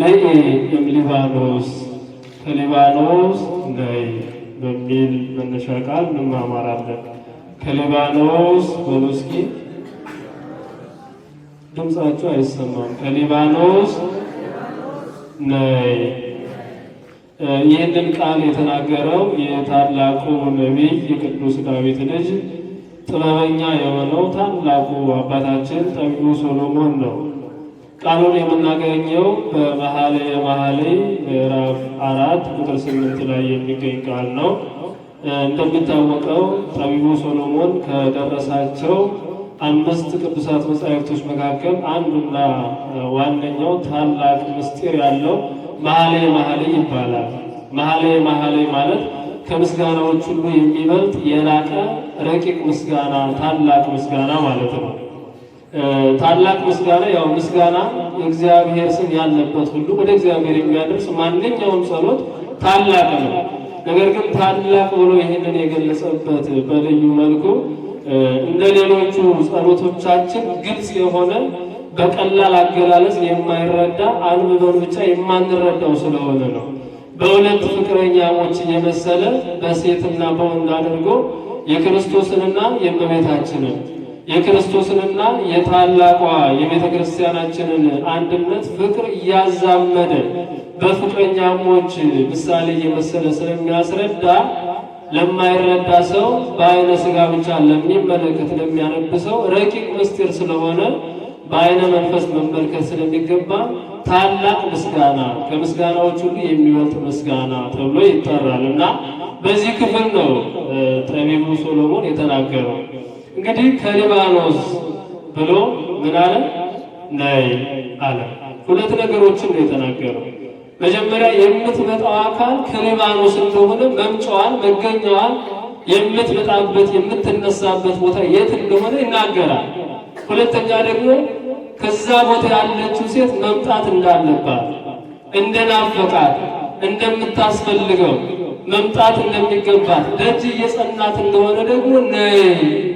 ነይ እምሊባኖስ ከሊባኖስ ነይ በሚል መነሻ ቃል እንማማራለን። ከሊባኖስ በሉስኪ ድምፃቸው አይሰማም። ከሊባኖስ ነይ። ይህንን ቃል የተናገረው የታላቁ ነቢይ የቅዱስ ዳዊት ልጅ ጥበበኛ የሆነው ታላቁ አባታችን ጠቢቡ ሶሎሞን ነው። ቃሉን የምናገኘው በመኃልየ መኃልይ ምዕራፍ አራት ቁጥር ስምንት ላይ የሚገኝ ቃል ነው። እንደሚታወቀው ጠቢቡ ሶሎሞን ከደረሳቸው አምስት ቅዱሳት መጻሕፍቶች መካከል አንዱና ዋነኛው ታላቅ ምስጢር ያለው መኃልየ መኃልይ ይባላል። መኃልየ መኃልይ ማለት ከምስጋናዎች ሁሉ የሚበልጥ የላቀ ረቂቅ ምስጋና፣ ታላቅ ምስጋና ማለት ነው። ታላቅ ምስጋና ያው ምስጋና እግዚአብሔር ስም ያለበት ሁሉ ወደ እግዚአብሔር የሚያደርስ ማንኛውም ጸሎት ታላቅ ነው። ነገር ግን ታላቅ ብሎ ይህንን የገለጸበት በልዩ መልኩ እንደ ሌሎቹ ጸሎቶቻችን ግልጽ የሆነ በቀላል አገላለጽ የማይረዳ አንብበን ብቻ የማንረዳው ስለሆነ ነው። በሁለት ፍቅረኛሞች የመሰለ በሴትና በወንድ አድርጎ የክርስቶስንና የእመቤታችንን የክርስቶስንና የታላቋ የቤተ ክርስቲያናችንን አንድነት ፍቅር እያዛመደ በፍቅረኛሞች ምሳሌ እየመሰለ ስለሚያስረዳ ለማይረዳ ሰው በአይነ ስጋ ብቻ ለሚመለከት ለሚያነብ ሰው ረቂቅ ምስጢር ስለሆነ በአይነ መንፈስ መመልከት ስለሚገባ ታላቅ ምስጋና ከምስጋናዎች ሁሉ የሚወጥ ምስጋና ተብሎ ይጠራል እና በዚህ ክፍል ነው ጠቢቡ ሶሎሞን የተናገረው። እንግዲህ ከሊባኖስ ብሎ ምን አለ? ነይ አለ። ሁለት ነገሮችን ነው የተናገረው። መጀመሪያ የምትመጣው አካል ከሊባኖስ እንደሆነ መምጫዋን፣ መገኛዋን የምትመጣበት የምትነሳበት ቦታ የት እንደሆነ ይናገራል። ሁለተኛ ደግሞ ከዛ ቦታ ያለችው ሴት መምጣት እንዳለባት እንደናፈቃት እንደምታስፈልገው መምጣት እንደሚገባት ደጅ እየጸናት እንደሆነ ደግሞ ነይ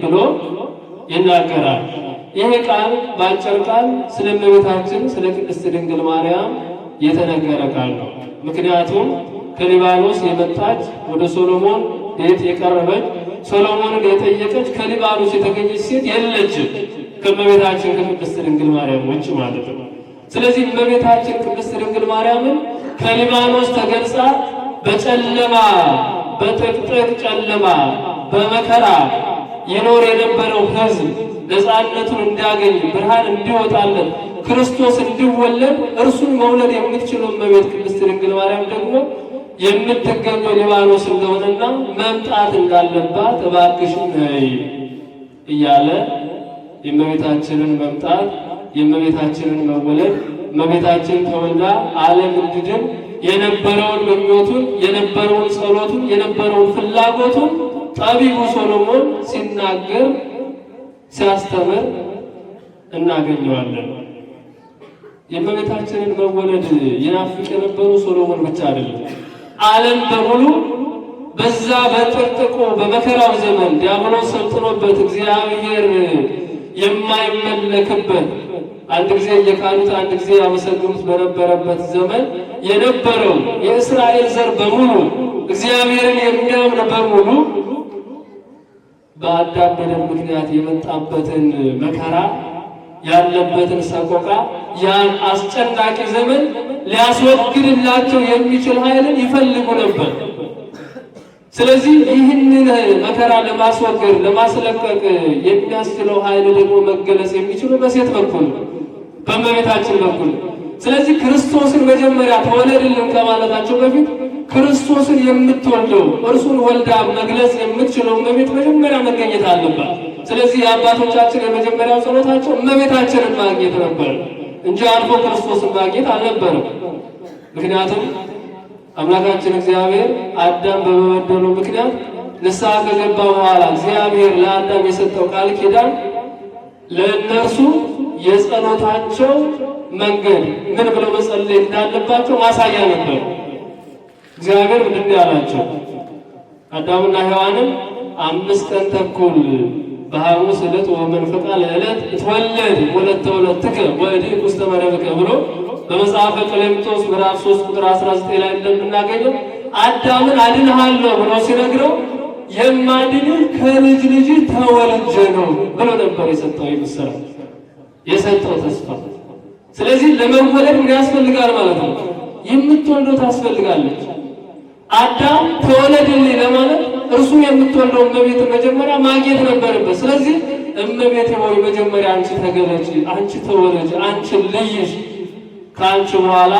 ብሎ ይናገራል። ይሄ ቃል በአጭር ቃል ስለ እመቤታችን ስለ ቅድስት ድንግል ማርያም የተነገረ ቃል ነው። ምክንያቱም ከሊባኖስ የመጣች ወደ ሶሎሞን ቤት የቀረበች ሶሎሞንን የጠየቀች ከሊባኖስ የተገኘች ሴት የለችም ከእመቤታችን ከቅድስት ድንግል ማርያም ውጭ ማለት ነው። ስለዚህ እመቤታችን ቅድስት ድንግል ማርያምን ከሊባኖስ ተገልጻ በጨለማ በጥቅጥቅ ጨለማ በመከራ ይኖር የነበረው ሕዝብ ነፃነቱን እንዲያገኝ ብርሃን እንዲወጣለት ክርስቶስ እንዲወለድ እርሱን መውለድ የምትችለው እመቤት ቅድስት ድንግል ማርያም ደግሞ የምትገኘው ሊባኖስ እንደሆነና መምጣት እንዳለባት እባክሽ ነይ እያለ የእመቤታችንን መምጣት የእመቤታችንን መወለድ እመቤታችን ተወልዳ ዓለም እንድድን የነበረውን ምኞቱን የነበረውን ጸሎቱን የነበረውን ፍላጎቱን ጠቢቡ ሶሎሞን ሲናገር ሲያስተምር እናገኘዋለን። የእመቤታችንን መወለድ ይናፍቅ የነበሩ ሶሎሞን ብቻ አይደለም፣ ዓለም በሙሉ በዛ በጥርጥቁ በመከራው ዘመን ዲያብሎስ ሰልጥኖበት እግዚአብሔር የማይመለክበት አንድ ጊዜ እየካኑት አንድ ጊዜ ያመሰግኑት በነበረበት ዘመን የነበረው የእስራኤል ዘር በሙሉ እግዚአብሔርን የሚያምን በሙሉ በአዳም በደል ምክንያት የመጣበትን መከራ ያለበትን ሰቆቃ ያን አስጨናቂ ዘመን ሊያስወግድላቸው የሚችል ኃይልን ይፈልጉ ነበር። ስለዚህ ይህንን መከራ ለማስወገድ ለማስለቀቅ የሚያስችለው ኃይል ደግሞ መገለጽ የሚችሉ በሴት በኩል ነው። በእመቤታችን በኩል። ስለዚህ ክርስቶስን መጀመሪያ ተወለድልን ከማለታቸው በፊት ክርስቶስን የምትወልደው እርሱን ወልዳ መግለጽ የምትችለው እመቤት መጀመሪያ መገኘት አለባት። ስለዚህ የአባቶቻችን የመጀመሪያው ጸሎታቸው እመቤታችንን ማግኘት ነበር እንጂ አልፎ ክርስቶስን ማግኘት አልነበረም። ምክንያቱም አምላካችን እግዚአብሔር አዳም በመበደሉ ምክንያት ንስሐ ከገባ በኋላ እግዚአብሔር ለአዳም የሰጠው ቃል ኪዳን ለእነርሱ የጸሎታቸው መንገድ ምን ብለው መጸለይ እንዳለባቸው ማሳያ ነበር። እግዚአብሔር ምንድን ያላቸው አዳምና ሔዋንም አምስት ቀን ተኩል በሐሙስ ዕለት ወመንፈቃ ለዕለት እትወለድ ወለተ ወለትከ ወዲህ ውስተ መረብከ ብሎ በመጽሐፈ ቀሌምንጦስ ምዕራፍ 3 ቁጥር 19 ላይ እንደምናገኘው አዳምን አድንሃለሁ ብሎ ሲነግረው የማድንህ ከልጅ ልጅ ተወልጀ ነው ብሎ ነበር የሰጠው ይመስላል። የሰጠው ተስፋ። ስለዚህ ለመወለድ ምን ያስፈልጋል ማለት ነው? የምትወልደው ታስፈልጋለች። አዳም ተወለድልኝ ለማለት እርሱ የምትወልደው እመቤት መጀመሪያ ማግኘት ነበረበት። ስለዚህ እመቤት ሆይ መጀመሪያ አንቺ ተገለጭ፣ አንቺ ተወለጅ፣ አንቺ ልይሽ፣ ከአንቺ በኋላ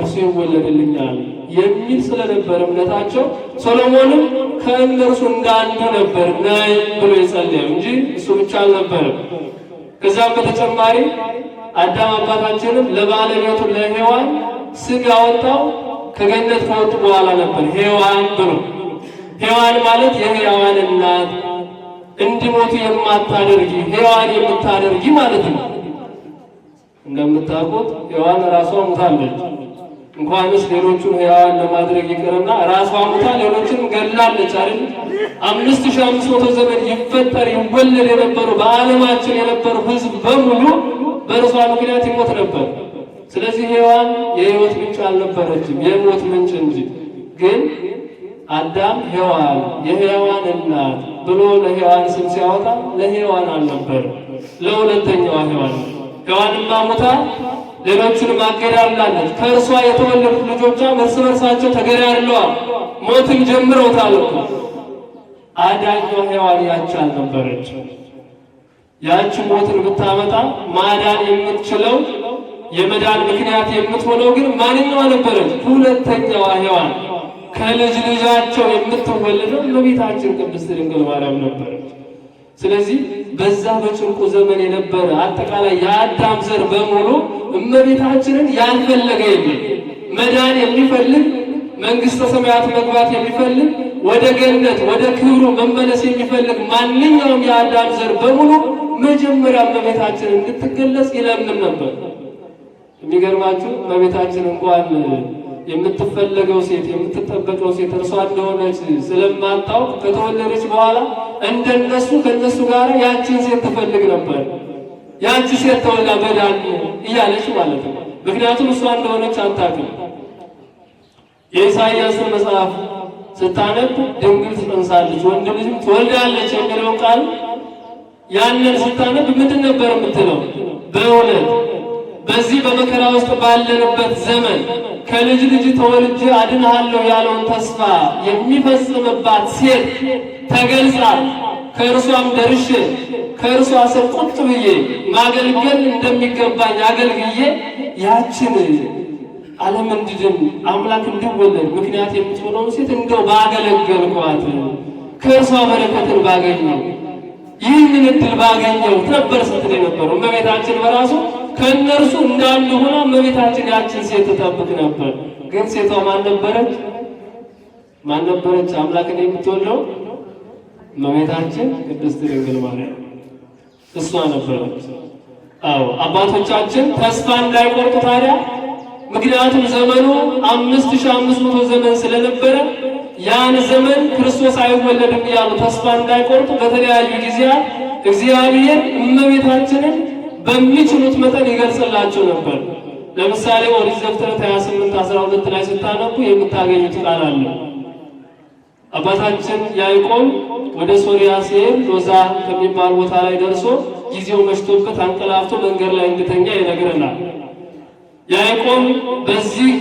እርሱ ይወለድልኛል የሚል ስለነበረ እምነታቸው ሶሎሞንም ከእነርሱ እንዳንዱ ነበር ነይ ብሎ የጸለየው እንጂ እሱ ብቻ አልነበረም። ከዛ በተጨማሪ አዳም አባታችንም ለባለቤቱ ለሔዋን ስም ያወጣው ከገነት ከወጡ በኋላ ነበር ሔዋን ብሎ ሔዋን ማለት የሕያዋን እናት እንዲሞቱ የማታደርጊ ሔዋን የምታደርጊ ማለት ነው። እንደምታውቁት ሔዋን ራሷ ሙታለች። እንኳንስ ሌሎቹን ሕያዋን ለማድረግ ይቅርና ራሷ ሙታ ሌሎችን ገላለች አይደል? አምስት ሺህ አምስት መቶ ዘመን ይፈጠር ይወለድ የነበሩ በዓለማችን የነበሩ ሕዝብ በሙሉ በእርሷ ምክንያት ይሞት ነበር። ስለዚህ ሔዋን የሕይወት ምንጭ አልነበረችም፣ የሞት ምንጭ እንጂ። ግን አዳም ሔዋን የሔዋን እናት ብሎ ለሔዋን ስም ሲያወጣ ለሔዋን አልነበር፣ ለሁለተኛዋ ሔዋን ሔዋንማ ሙታ ሌሎቹንም አገዳድላለች። ከእርሷ የተወለዱት ልጆቿም እርስ በርሳቸው ተገዳድለዋል፣ ሞትን ጀምረውታል። አዳኛ ሔዋን ያች አልነበረች። ያቺ ሞትን ብታመጣ ማዳን የምትችለው የመዳን ምክንያት የምትሆነው ግን ማንኛዋ ነበረች? ሁለተኛዋ ሔዋን ከልጅ ልጃቸው የምትወለደው እመቤታችን ቅድስት ድንግል ማርያም ነበረች። ስለዚህ በዛ በጭንቁ ዘመን የነበረ አጠቃላይ የአዳም ዘር በሙሉ እመቤታችንን ያልፈለገ የለ መዳን የሚፈልግ መንግስተ ሰማያት መግባት የሚፈልግ ወደ ገነት ወደ ክብሩ መመለስ የሚፈልግ ማንኛውም የአዳም ዘር በሙሉ መጀመሪያ እመቤታችን እንድትገለጽ ይለምን ነበር። የሚገርማችሁ እመቤታችን እንኳን የምትፈለገው ሴት የምትጠበቀው ሴት እርሷ እንደሆነች ስለማታውቅ ከተወለደች በኋላ እንደነሱ ከነሱ ጋር ያቺን ሴት ትፈልግ ነበር። ያቺ ሴት ተወላ በዳን እያለች ማለት ነው። ምክንያቱም እሷ እንደሆነች አታውቅም። የኢሳይያስን መጽሐፍ ስታነብ ድንግል ትጠንሳለች፣ ወንድ ልጅም ትወልዳለች የሚለውን ቃል ያንን ስታነብ ምንድን ነበር የምትለው በእውነት በዚህ በመከራ ውስጥ ባለንበት ዘመን ከልጅ ልጅ ተወልጄ አድንሃለሁ ያለውን ተስፋ የሚፈጽምባት ሴት ተገልጻ ከእርሷም ደርሼ ከእርሷ ስር ቁጭ ብዬ ማገልገል እንደሚገባኝ አገልግዬ ያችን ዓለም እንድድን አምላክ እንድወለድ ምክንያት የምትሆነውን ሴት እንደው ባገለገልኳት ከእርሷ በረከትን ባገኘው ይህንን እድል ባገኘው ነበር ስትል የነበረው እመቤታችን በራሱ ከእነርሱ እንዳንድ ሆና እመቤታችን ያችን ሴት ትጠብቅ ነበር። ግን ሴቷ ማን ነበረች? ማን ነበረች? አምላክን የምትወልደው እመቤታችን ቅድስት ድንግል ማርያም እሷ ነበረች። አዎ አባቶቻችን ተስፋ እንዳይቆርጡ ታዲያ ምክንያቱም ዘመኑ አምስት ሺህ አምስት መቶ ዘመን ስለነበረ ያን ዘመን ክርስቶስ አይወለድም ያሉ ተስፋ እንዳይቆርጡ በተለያዩ ጊዜያት እግዚአብሔር እመቤታችንን በሚችሉት መጠን ይገልጽላችሁ ነበር። ለምሳሌ ኦሪት ዘፍጥረት 28 12 ላይ ስታነቡ የምታገኙት ቃል አለ። አባታችን ያዕቆብ ወደ ሶሪያ ሲሄድ ሎዛ ከሚባል ቦታ ላይ ደርሶ ጊዜው መሽቶበት አንቀላፍቶ መንገድ ላይ እንድተኛ ይነግረናል። ያዕቆብ በዚህ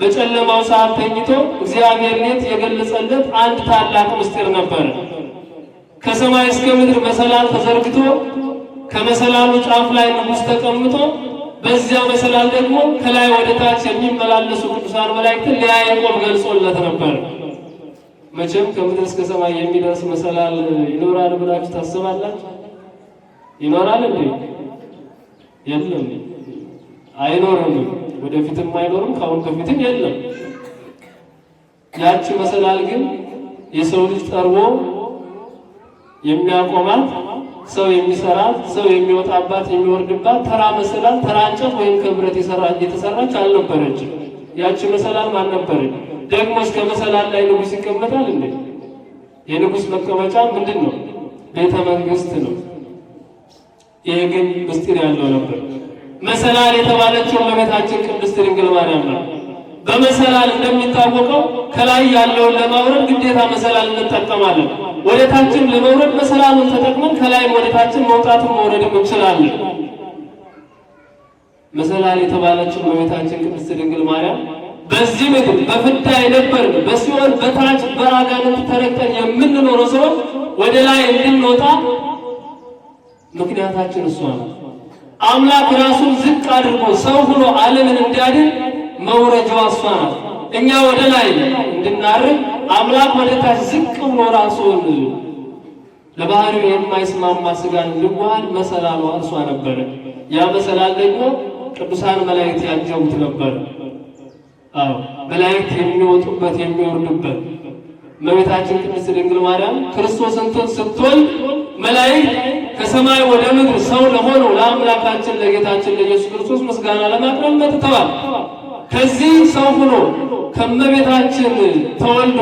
በጨለማው ሰዓት ተኝቶ እግዚአብሔር ሌት የገለጸለት አንድ ታላቅ ምስጢር ነበር። ከሰማይ እስከ ምድር በሰላም ተዘርግቶ ከመሰላሉ ጫፍ ላይ ንጉሥ ተቀምጦ በዚያ መሰላል ደግሞ ከላይ ወደ ታች የሚመላለሱ ቅዱሳን መላእክትን ለያዕቆብ ገልጾለት ነበር። መቼም ከምድር እስከ ሰማይ የሚደርስ መሰላል ይኖራል ብላችሁ ታስባላችሁ? ይኖራል እንዴ? የለም፣ አይኖርም። ወደፊትም አይኖርም፣ ከአሁን ከፊትም የለም። ያቺ መሰላል ግን የሰው ልጅ ጠርቦ የሚያቆማት ሰው የሚሰራት ሰው የሚወጣባት የሚወርድባት ተራ መሰላል ተራ እንጨት ወይም ከብረት የተሰራች አልነበረችም። ያቺ መሰላል አልነበረች። ደግሞ እስከ መሰላል ላይ ንጉስ ይቀመጣል እንዴ? የንጉስ መቀመጫ ምንድን ነው? ቤተ መንግስት ነው። ይሄ ግን ምስጢር ያለው ነበር። መሰላል የተባለችው እመቤታችን ቅድስት ድንግል ማርያም ነው። በመሰላል እንደሚታወቀው ከላይ ያለውን ለማውረድ ግዴታ መሰላል እንጠቀማለን። ወደታችን ለመውረድ በሰላምን ተጠቅመን ከላይም ወደታችን መውጣትም መውረድም እንችላለን። መሰላል የተባለችው እመቤታችን ቅድስት ድንግል ማርያም በዚህ ምድር በፍዳ የነበርን በሲኦል በታች በአጋንንት ተረግጠን የምንኖረው ሰዎች ወደ ላይ እንድንወጣ ምክንያታችን እሷ ነው። አምላክ ራሱን ዝቅ አድርጎ ሰው ሆኖ ዓለምን እንዲያድን መውረጃዋ እሷ ናት። እኛ ወደ ላይ እንድናርግ አምላክ ወደ ታች ዝቅ ብሎ ራሱን ለባህሪው የማይስማማ ስጋን ልዋሃድ መሰላሉ እርሷ ነበረ። ያ መሰላል ደግሞ ቅዱሳን መላእክት ያጀቡት ነበር። አዎ መላእክት የሚወጡበት የሚወርዱበት እመቤታችን ቅድስት ድንግል ማርያም ክርስቶስን ስትሆን መላእክት ከሰማይ ወደ ምድር ሰው ለሆነው ለአምላካችን ለጌታችን ለኢየሱስ ክርስቶስ ምስጋና ለማቅረብ መጥተዋል። ከዚህ ሰው ሆኖ ከመቤታችን ተወልዶ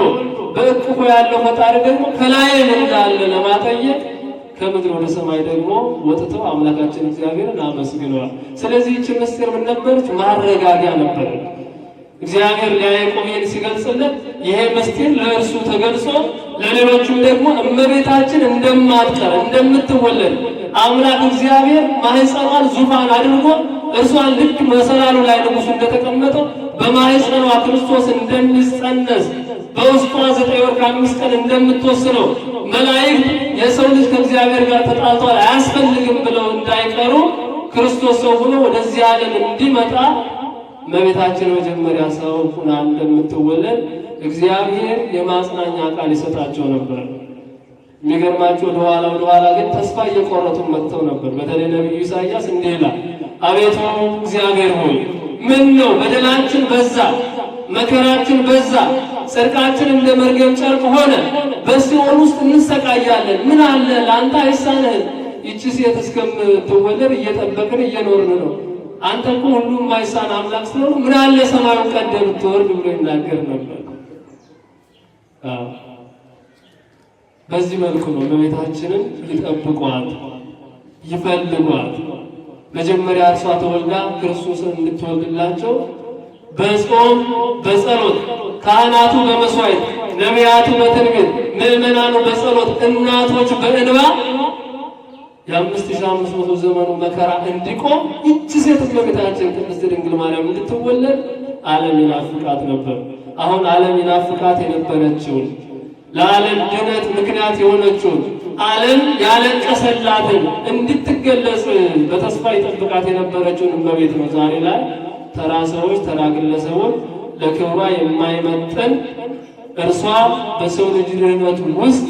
በእቅፎ ያለው ፈጣሪ ደግሞ ከላይ እንዳለ ለማጠየቅ ከምድር ወደ ሰማይ ደግሞ ወጥተው አምላካችን እግዚአብሔርን አመስግነዋል። ስለዚህ ይህች ምስጢር ምን ነበረች? ማረጋጊያ ነበረ። እግዚአብሔር ለያዕቆብ ይህን ሲገልጽለት ይሄ ምስጢር ለእርሱ ተገልጾ ለሌሎቹም ደግሞ እመቤታችን እንደማትቀር እንደምትወለድ አምላክ እግዚአብሔር ማህፀኗን ዙፋን አድርጎ እርሷን ልክ መሰላሉ ላይ ንጉሱ እንደተቀመጠው በማህፀኗ ክርስቶስ እንደሚጸነስ በውስጧ ዘጠኝ ወር ከአምስት ቀን እንደምትወስነው መላእክት የሰው ልጅ ከእግዚአብሔር ጋር ተጣልቷል አያስፈልግም ብለው እንዳይቀሩ ክርስቶስ ሰው ሆኖ ወደዚህ ዓለም እንዲመጣ መቤታችን መጀመሪያ ሰው ሁና እንደምትወለድ እግዚአብሔር የማጽናኛ ቃል ይሰጣቸው ነበር። የሚገርማቸው ወደኋላ ወደኋላ ግን ተስፋ እየቆረጡ መጥተው ነበር። በተለይ ነቢዩ ኢሳያስ እንዲህ ይላል አቤቱ እግዚአብሔር ሆይ ምን ነው በደላችን በዛ፣ መከራችን በዛ፣ ጽድቃችን እንደ መርገም ጨርቅ ሆነ። በሲኦል ውስጥ እንሰቃያለን። ምን አለ ለአንተ አይሳንህም? ይቺ ሴት እስከምትወለድ እየጠበቅን እየኖርን ነው። አንተ እኮ ሁሉም አይሳን አምላክ ስለሆነ ምን አለ ሰማዩን ቀደም ብትወርድ ብሎ ይናገር ነበር። በዚህ መልኩ ነው እመቤታችንን ይጠብቋት፣ ይፈልጓት መጀመሪያ እርሷ ተወልዳ ክርስቶስን እንድትወልድላቸው በጾም በጸሎት ካህናቱ በመስዋዕት ነቢያቱ በትንቢት ምእመናኑ በጸሎት እናቶች በእንባ የአምስት ሺህ አምስት መቶ ዘመኑ መከራ እንዲቆም ይቺ ሴት እመቤታችን ቅድስት ድንግል ማርያም እንድትወለድ ዓለም ይናፍቃት ነበር። አሁን ዓለም ይናፍቃት የነበረችውን ለዓለም ድነት ምክንያት የሆነችውን ዓለም ያለቀሰላትን እንድትገለጽ በተስፋ ይጠብቃት የነበረችውን እመቤት ነው ዛሬ ላይ ተራ ሰዎች ተራ ግለሰቦች ለክብሯ የማይመጠን እርሷ በሰው ልጅ ድህነት ውስጥ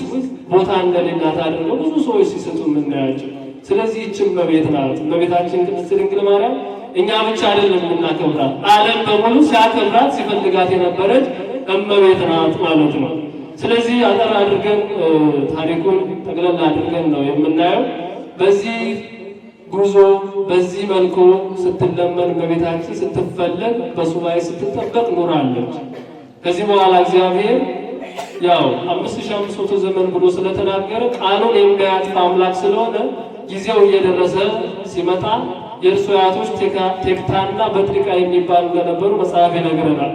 ቦታ እንደሌላት አድርገው ብዙ ሰዎች ሲሰጡ የምናያቸው። ስለዚህ ይችን እመቤት ናት። እመቤታችን ቅድስት ድንግል ማርያም እኛ ብቻ አይደለም የምናከብራት፣ ዓለም በሙሉ ሲያከብራት ሲፈልጋት የነበረች እመቤት ናት ማለት ነው። ስለዚህ አጠር አድርገን ታሪኩን ጠቅለል አድርገን ነው የምናየው። በዚህ ጉዞ በዚህ መልኩ ስትለመን በቤታችን ስትፈለግ በሱባኤ ስትጠበቅ ኑራለች። ከዚህ በኋላ እግዚአብሔር ያው አምስት ሺህ አምስት መቶ ዘመን ብሎ ስለተናገረ ቃሉን የሚያጥፍ አምላክ ስለሆነ ጊዜው እየደረሰ ሲመጣ የእርሱ አያቶች ቴክታና በጥሪቃ የሚባሉ እንደነበሩ መጽሐፍ ይነግረናል።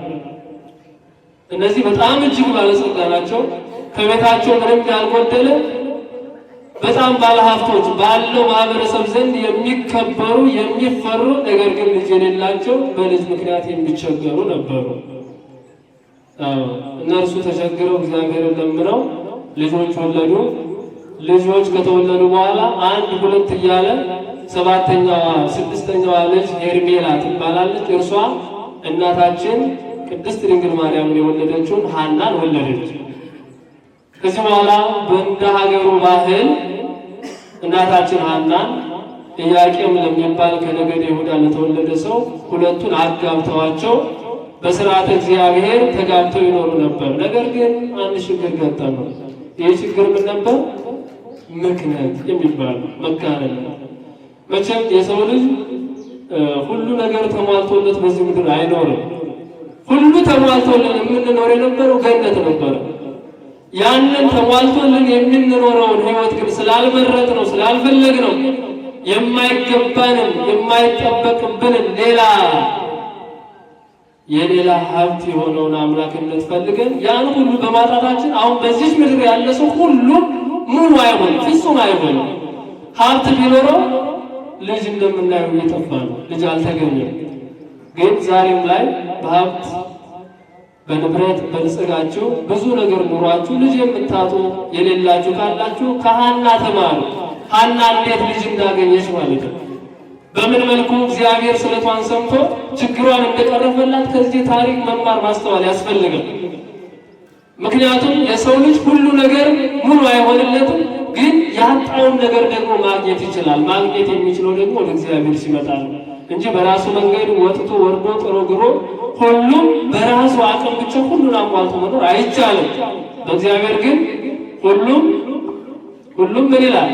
እነዚህ በጣም እጅግ ባለስልጣን ናቸው። ከቤታቸው ምንም ያልጎደለ በጣም ባለሀብቶች ባለው ማህበረሰብ ዘንድ የሚከበሩ የሚፈሩ፣ ነገር ግን ልጅ የሌላቸው በልጅ ምክንያት የሚቸገሩ ነበሩ። እነርሱ ተቸግረው እግዚአብሔርን ለምነው ልጆች ወለዱ። ልጆች ከተወለዱ በኋላ አንድ ሁለት እያለ ሰባተኛዋ ስድስተኛዋ ልጅ ሄርሜላ ትባላለች። እርሷ እናታችን ቅድስት ድንግል ማርያም የወለደችውን ሐናን ወለደች። ከዚህ በኋላ በእንደ ሀገሩ ባህል እናታችን ሐናን ኢያቄም ለሚባል ከነገድ ይሁዳ ለተወለደ ሰው ሁለቱን አጋብተዋቸው በስርዓተ እግዚአብሔር ተጋብተው ይኖሩ ነበር። ነገር ግን አንድ ችግር ገጠመው። ይህ ችግር ምን ነበር? ምክነት የሚባል መጋነን። መቼም የሰው ልጅ ሁሉ ነገር ተሟልቶለት በዚህ ምድር አይኖርም። ሁሉ ተሟልቶልን የምንኖር የነበረው ገነት ነበረ። ያንን ተሟልቶልን የምንኖረውን ህይወት ግን ስላልመረጥ ነው ስላልፈለግ ነው የማይገባንም የማይጠበቅብንን ሌላ የሌላ ሀብት የሆነውን አምላክነት ፈልገን ያን ሁሉ በማጣታችን አሁን በዚህ ምድር ያለ ሰው ሁሉ ሙሉ አይሆን ፍጹም አይሆን። ሀብት ቢኖረው ልጅ እንደምናየው እየጠፋ ነው። ልጅ አልተገኘም። ግን ዛሬም ላይ በሀብት በንብረት በልጽጋችሁ ብዙ ነገር ኑሯችሁ ልጅ የምታጡ የሌላችሁ ካላችሁ ከሀና ተማሩ። ሀና እንዴት ልጅ እንዳገኘች ማለት ነው። በምን መልኩ እግዚአብሔር ስለቷን ሰምቶ ችግሯን እንደቀረፈላት ከዚህ ታሪክ መማር ማስተዋል ያስፈልጋል። ምክንያቱም የሰው ልጅ ሁሉ ነገር ሙሉ አይሆንለትም፣ ግን ያጣውን ነገር ደግሞ ማግኘት ይችላል። ማግኘት የሚችለው ደግሞ ወደ እግዚአብሔር ሲመጣ ነው። እንጂ በራሱ መንገድ ወጥቶ ወርዶ ጥሮ ግሮ ሁሉም በራሱ አቅም ብቻ ሁሉን አሟልቶ መኖር አይቻልም። በእግዚአብሔር ግን ሁሉም ሁሉም ምን ይላል?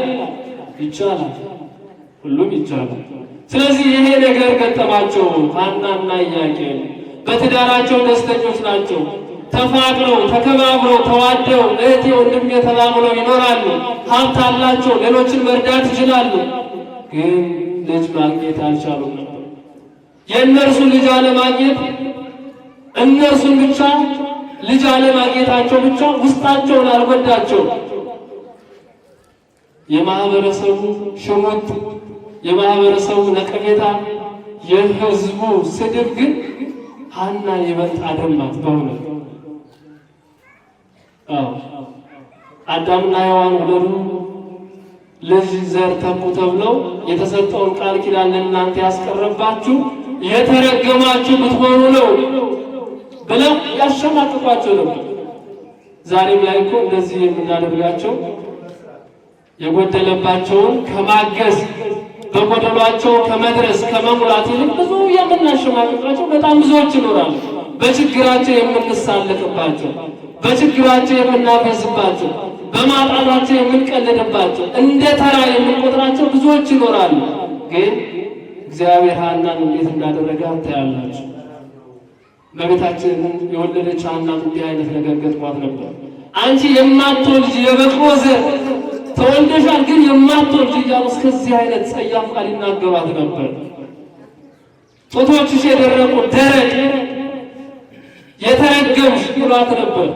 ይቻላል። ሁሉም ይቻላል። ስለዚህ ይሄ ነገር ገጠማቸው። ሐናና ኢያቄም በትዳራቸው ደስተኞች ናቸው። ተፋቅረው ተከባብረው ተዋደው እህቴ ወንድሜ ተባብለው ይኖራሉ። ሀብት አላቸው። ሌሎችን መርዳት ይችላሉ ግን ልጆች ማግኘት አልቻሉም ነበር። የእነርሱ ልጅ አለማግኘት እነርሱን ብቻ ልጅ አለማግኘታቸው ብቻ ውስጣቸውን አልጎዳቸው። የማህበረሰቡ ሽሙጥ፣ የማህበረሰቡ ነቀፌታ፣ የህዝቡ ስድብ ግን ሀና ይበልጥ አደማት። በእውነት አዳምና ሔዋን ወለዱ ለዚህ ዘር ተኩ ተብለው የተሰጠውን ቃል ኪዳን ለእናንተ ያስቀረባችሁ የተረገማችሁ ብትሆኑ ነው ብለው ያሸማቅቋቸው ነው። ዛሬም ላይ እኮ እንደዚህ የምናደርጋቸው የጎደለባቸውን ከማገዝ በጎደሏቸው ከመድረስ ከመሙላት ይልቅ ብዙ የምናሸማቅቃቸው በጣም ብዙዎች ይኖራሉ። በችግራቸው የምንሳለቅባቸው፣ በችግራቸው የምናፈስባቸው በማጣታቸው የምንቀልድባቸው እንደ ተራ የምንቆጥራቸው ብዙዎች ይኖራሉ። ግን እግዚአብሔር ሐናን እንዴት እንዳደረገ ታያላችሁ። በቤታችን የወለደች ሐና እንዲህ አይነት ነገር ገጥሟት ነበር። አንቺ የማትወልጅ የበቅሎ ዘር ተወልደሻል፣ ግን የማትወልጅ እያሉ እስከዚህ አይነት ጸያፍ ቃል ይናገሯት ነበር። ጡቶችሽ የደረቁ ደረቅ የተረገምሽ ብሏት ነበር።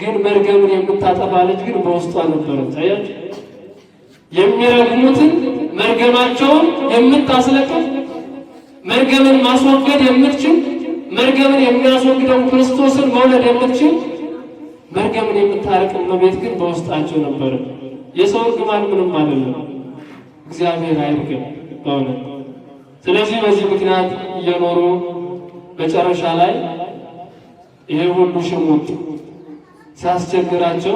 ግን መርገምን የምታጠፋ ልጅ ግን በውስጧ ነበረ። አያችሁ፣ የሚረግሙትን መርገማቸውን የምታስለቀፍ መርገምን ማስወገድ የምትችል መርገምን የሚያስወግደው ክርስቶስን መውለድ የምትችል መርገምን የምታረቅ እመቤት ግን በውስጣቸው ነበረ። የሰው እርግማን ምንም አይደለም፣ እግዚአብሔር አይርግም በእውነት። ስለዚህ በዚህ ምክንያት እየኖሩ መጨረሻ ላይ ይሄ ሁሉ ሽሙጥ ሲያስቸግራቸው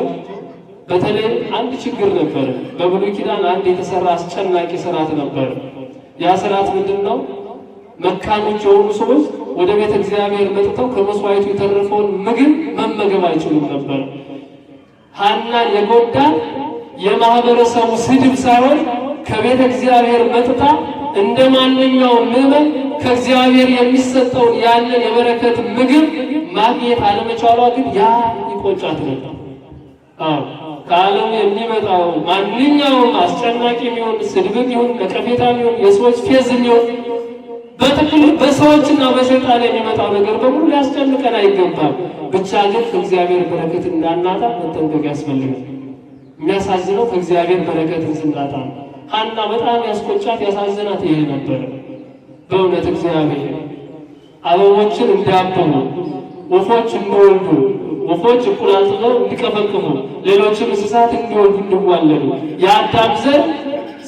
በተለይ አንድ ችግር ነበር። በብሉይ ኪዳን አንድ የተሰራ አስጨናቂ ስርዓት ነበር። ያ ስርዓት ምንድን ነው? መካኖች የሆኑ ሰዎች ወደ ቤተ እግዚአብሔር መጥተው ከመስዋዕቱ የተረፈውን ምግብ መመገብ አይችሉም ነበር። ሐና የጎዳ የማህበረሰቡ ስድብ ሳይሆን ከቤተ እግዚአብሔር መጥታ እንደ ማንኛውም ምዕመን ከእግዚአብሔር የሚሰጠውን ያንን የበረከት ምግብ ማግኘት አለመቻሏ ግን ያ ቆጫት ነው። አዎ ከዓለም የሚመጣው ማንኛውም አስጨናቂ የሚሆን ስድብም ይሁን ነቀፌታ ይሁን የሰዎች ፌዝ ይሁን በትክክል በሰዎችና በሰይጣን የሚመጣው ነገር በሙሉ ሊያስጨንቀን አይገባም። ብቻ ግን ከእግዚአብሔር በረከት እንዳናጣ መጠንቀቅ ያስፈልጋል። የሚያሳዝነው ከእግዚአብሔር በረከትን ስናጣ ነው። ሐና በጣም ያስቆጫት ያሳዘናት ይሄ ነበረ። በእውነት እግዚአብሔር አበቦችን እንዲያብቡ ወፎች እንደወልዱ ወፎች እቁል አጥለው እንዲቀበቅሙ ሌሎችም እንስሳት እንዲወልዱ እንዲዋለዱ የአዳም ዘር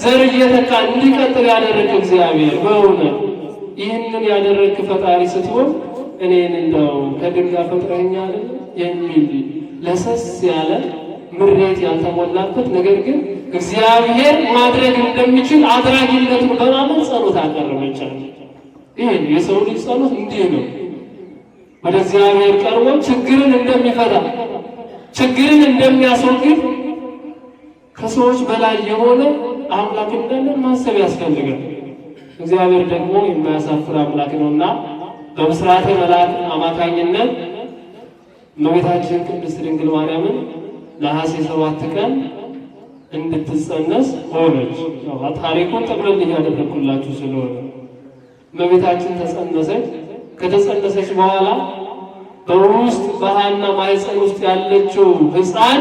ዘር እየተካ እንዲቀጥል ያደረግ እግዚአብሔር በእውነት ይህንን ያደረግ ፈጣሪ ስትሆን እኔን እንደው ከድንጋ ፈጥረኸኛል የሚል ለሰስ ያለ ምሬት ያልተሞላበት ነገር ግን እግዚአብሔር ማድረግ እንደሚችል አድራጊነቱን በማመን ጸሎት አቀረበቻል። ይህን የሰው ልጅ ጸሎት እንዲህ ነው። ወደ እግዚአብሔር ቀርቦ ችግርን እንደሚፈታ ችግርን እንደሚያስወግድ ከሰዎች በላይ የሆነ አምላክ እንዳለን ማሰብ ያስፈልጋል። እግዚአብሔር ደግሞ የማያሳፍር አምላክ ነውና በምስራተ መልአክ አማካኝነት እመቤታችን ቅድስት ድንግል ማርያምን ነሐሴ ሰባት ቀን እንድትጸነስ ሆነች። ታሪኩን ጥቅልል ያደረግኩላችሁ ስለሆነ እመቤታችን ተጸነሰች። ከተጸነሰች በኋላ በወር ውስጥ በሃና ማኅፀን ውስጥ ያለችው ህፃን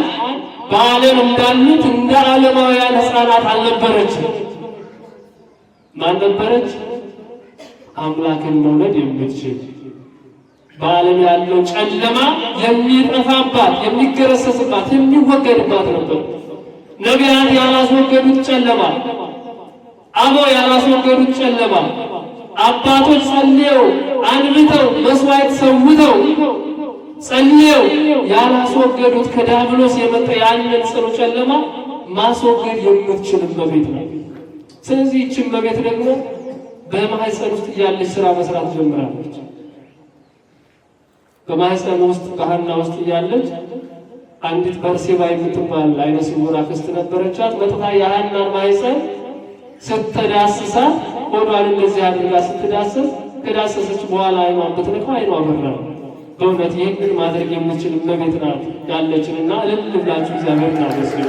በዓለም እንዳሉት እንደ ዓለማውያን ህፃናት አልነበረች። ማን ነበረች? አምላክን መውለድ የምትችል በዓለም ያለው ጨለማ የሚጠፋባት፣ የሚገረሰስባት፣ የሚወገድባት ነበር። ነቢያት ያላስወገዱት ጨለማ፣ አበው ያላስወገዱት ጨለማ አባቶች ጸልየው አንብተው መስዋዕት ሰውተው ጸልየው ያላስወገዱት ከዳብሎስ የመጣ ያንን ጽኑ ጨለማ ማስወገድ የምትችል እመቤት ነው። ስለዚህ ይህች እመቤት ደግሞ በማህፀን ውስጥ እያለች ስራ መስራት ጀምራለች። በማህፀን ውስጥ ባህና ውስጥ እያለች አንዲት በርሴባ የምትባል አይነ ስውር አክስት ነበረቻት። መጥታ የሐናን ማህፀን ስትዳስሳት ሆዷን እንደዚህ አድርጋ ስትዳሰስ ከዳሰሰች በኋላ አይኗን ብትነካ አይኗ በራ። በእውነት ይህንን ማድረግ የምችል እመቤት ናት ያለችንና እልል ብላችሁ እግዚአብሔር ናመስሉ።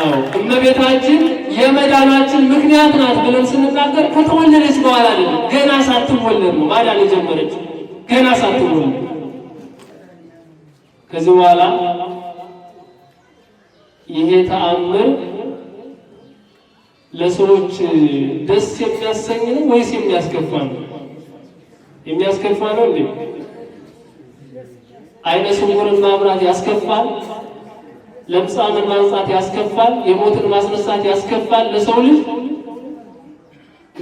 አዎ እመቤታችን የመዳናችን ምክንያት ናት ብለን ስንናገር ከተወለደች በኋላ አይደለም፣ ገና ሳትወለድ ነው ማዳን የጀመረች ገና ሳትወለድ። ከዚህ በኋላ ይሄ ተአምር ለሰዎች ደስ የሚያሰኝ ነው ወይስ የሚያስከፋ ነው? የሚያስከፋ ነው እንዴ? አይነ ስውርን ማብራት ያስከፋል። ለምጻምን ማንጻት ያስከፋል። የሞትን ማስነሳት ያስከፋል። ለሰው ልጅ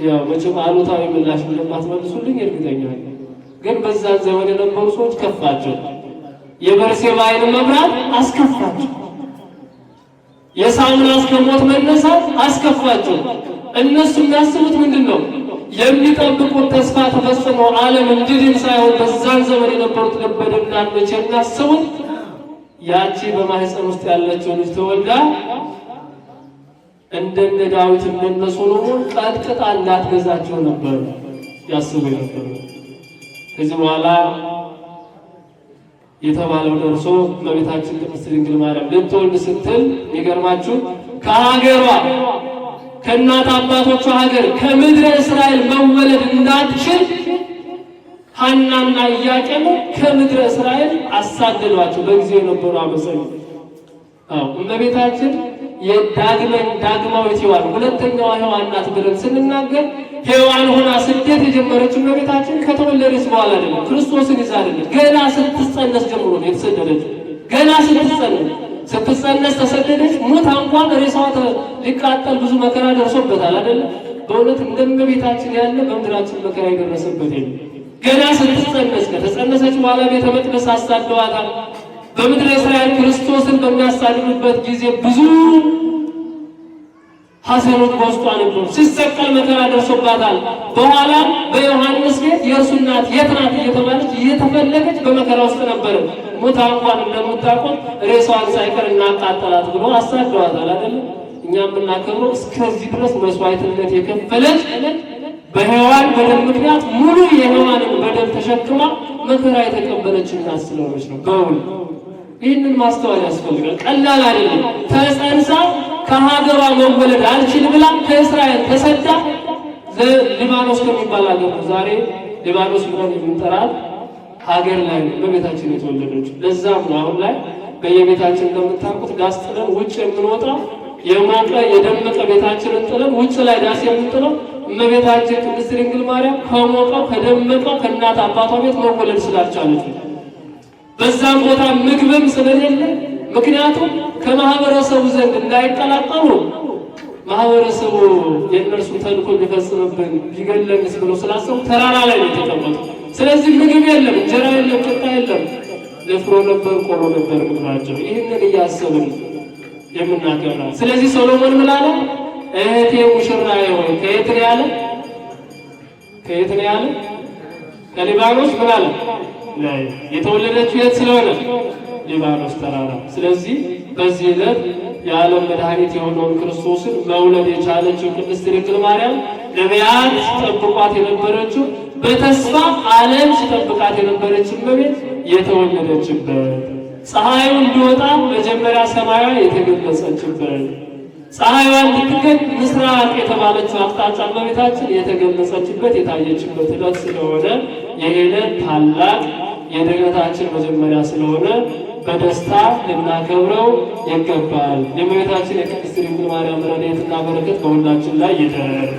ያው መቼም አሉታዊ ምላሽ እንደማትመልሱልኝ እርግጠኛ ነኝ። ግን በዛ ዘመን የነበሩ ሰዎች ከፋቸው። የበርሴ ባይን መብራት አስከፋቸው። የሳሙና እስከ ሞት መነሳት አስከፋቸው። እነሱ የሚያስቡት ምንድን ነው? የሚጠብቁት ተስፋ ተፈጽሞ ዓለም እንዲድን ሳይሆን በዛን ዘመን የነበሩት ለበደና መቼ የሚያስቡት ያቺ በማህፀን ውስጥ ያለችው ልጅ ተወልዳ እንደነ ዳዊት እንደነ ሶሎሞን ቀጥቅጣ እንዳትገዛቸው ነበር ያስቡ ነበር። ከዚህ በኋላ የተባለው ደርሶ እመቤታችን ቅድስት ድንግል ማርያም ልትወልድ ስትል ይገርማችሁ ከሀገሯ ከእናት አባቶቿ ሀገር ከምድረ እስራኤል መወለድ እንዳትችል ሀናና ኢያቄም ከምድረ እስራኤል አሳደዷቸው። በጊዜው የነበሩ አመፀኞች እመቤታችን የዳግመን ዳግማዊት ሔዋን ሁለተኛዋ ሔዋን ናት ብለን ስንናገር ሔዋን ሆና ስደት የጀመረችው እመቤታችን ከተወለደች በኋላ አይደለም፣ ክርስቶስን ይዛ አይደለም። ገና ስትጸነስ ጀምሮ ነው የተሰደደች። ገና ስትጸነስ ስትጸነስ ተሰደደች። ሞታ እንኳን ሬሳዋ ሊቃጠል ብዙ መከራ ደርሶበታል አይደለም። በእውነት እንደ እመቤታችን ያለ በምድራችን መከራ የደረሰበት ገና ስትጸነስ ከተጸነሰች በኋላ ቤተ መቅደስ አሳደዋታል። በምድረ እስራኤል ክርስቶስን በሚያሳልፉበት ጊዜ ብዙ ሐዘኖች በውስጧ ነበሩ። ሲሰቀል መከራ ደርሶባታል። በኋላ በዮሐንስ ቤት የእርሱ እናት የት ናት እየተባለች እየተፈለገች በመከራ ውስጥ ነበረ። ሙታ እንኳን እንደምታቆም ሬሳዋን ሳይቀር እናቃጠላት ብሎ አሳደዋታል አይደለም። እኛ የምናከብረው እስከዚህ ድረስ መስዋዕትነት የከፈለች በሔዋን በደል ምክንያት ሙሉ የሔዋንን በደል ተሸክማ መከራ የተቀበለች እናት ስለሆነች ነው በውል ይህንን ማስተዋል ያስፈልጋል። ቀላል አይደለም። ተጸንሳ ከሀገሯ መወለድ አልችል ብላ ከእስራኤል ተሰዳ ሊባኖስ ከሚባል ሀገር ዛሬ ሊባኖስ ብለን የምንጠራት ሀገር ላይ በቤታችን የተወለደች። ለዛም ነው አሁን ላይ በየቤታችን እንደምታውቁት ዳስ ጥለን ውጭ የምንወጣው የሞቀ የደመቀ ቤታችንን ጥለን ውጭ ላይ ዳስ የምንጥለው እመቤታችን ቅድስት ድንግል ማርያም ከሞቀው ከደመቀው ከእናት አባቷ ቤት መወለድ ስላልቻለች ነው። በዛም ቦታ ምግብም ስለሌለ ምክንያቱም ከማህበረሰቡ ዘንድ እንዳይጠላጠሉ ማህበረሰቡ የእነርሱ ተልኮ ሊፈጽምብን ሊገለንስ ብሎ ስላሰቡ ተራራ ላይ ነው የተቀመጡ። ስለዚህ ምግብ የለም፣ እንጀራ የለም፣ ቂጣ የለም። ደፍሮ ነበር፣ ቆሎ ነበር ምግባቸው። ይህንን እያሰብን የምናገራል። ስለዚህ ሶሎሞን ምን አለ? እህቴ ሙሽራዬ ሆይ ከየት ነው ያለ? ከየት ነው ያለ? ከሊባኖስ ምን አለ? ላይ የተወለደችው የት ስለሆነ ሊባኖስ ተራራ። ስለዚህ በዚህ ዕለት የዓለም መድኃኒት የሆነውን ክርስቶስን መውለድ የቻለችው ቅድስት ድንግል ማርያም ነቢያት ጠብቋት የነበረችው በተስፋ ዓለም ሲጠብቃት የነበረችን በቤት የተወለደችበት ፀሐዩ እንዲወጣ መጀመሪያ ሰማያ የተገለጸችበት ፀሐይዋ እንድትገድ ምስራቅ የተባለችው አቅጣጫ መቤታችን የተገለጸችበት የታየችበት ዕለት ስለሆነ የሄደን ታላቅ የድኅነታችን መጀመሪያ ስለሆነ በደስታ ልናከብረው ይገባል። የእመቤታችን የቅድስት ድንግል ማርያም ረድኤትና በረከት በሁላችን ላይ ይደረግ።